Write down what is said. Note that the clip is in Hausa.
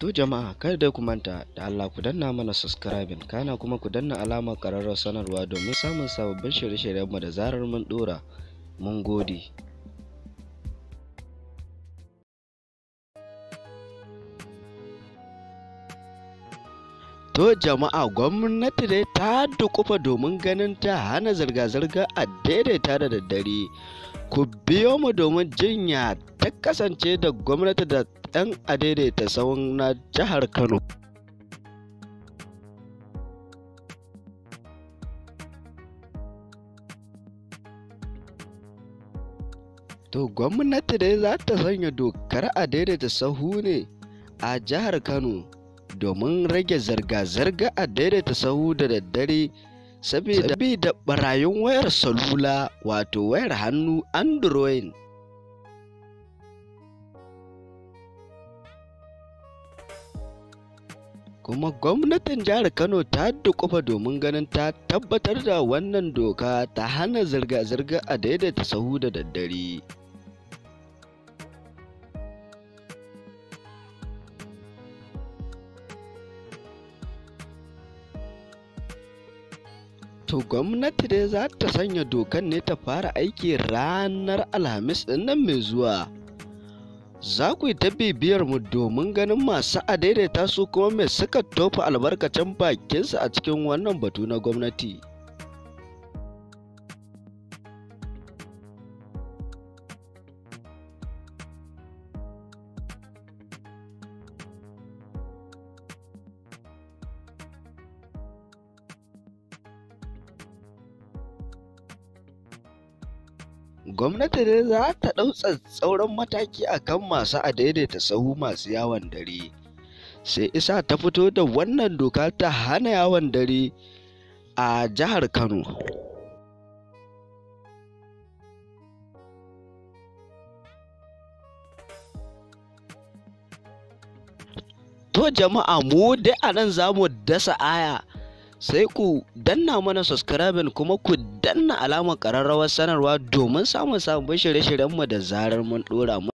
To jama'a da ku manta da Allah ku danna mana subscribing kana kuma ku danna alamar ƙararrar sanarwa domin samun sababbin shirye-shiryenmu da zarar mun ɗora. Mun gode. To jama'a gwamnati dai ta dukufa domin ganin ta hana zirga-zirga a daidaita da daddare. ku biyo mu domin jinya ta kasance da gwamnati da 'yan adaidaita sauran na jihar kano to gwamnati dai za ta sanya dokar adaidaita sahu ne a jihar kano domin rage zirga-zirga a daidaita sahu da daddare saboda barayin wayar salula wato wayar hannu android kuma gwamnatin jihar kano ta dukufa domin ganin ta tabbatar da wannan doka ta hana zirga-zirga a daidaita sahu da daddare To gwamnati dai za ta sanya dokan ne ta fara aiki ranar alhamis din nan mai zuwa za ku yi ta bibiyar mu domin ganin masu adaidaita su kuma mai suka tofa albarkacin bakinsu a cikin wannan batu na gwamnati gwamnati ne za ta ɗau tsauran mataki a kan masu adaidaita sahu masu yawon dare sai isa ta fito da wannan doka ta hana yawon dare a jihar kano to jama'a mu dai a nan za mu dasa aya sai ku danna mana subscribe kuma ku danna alamar ƙararrawar sanarwa domin samun sabon shirye-shiryenmu da zarar mun ɗora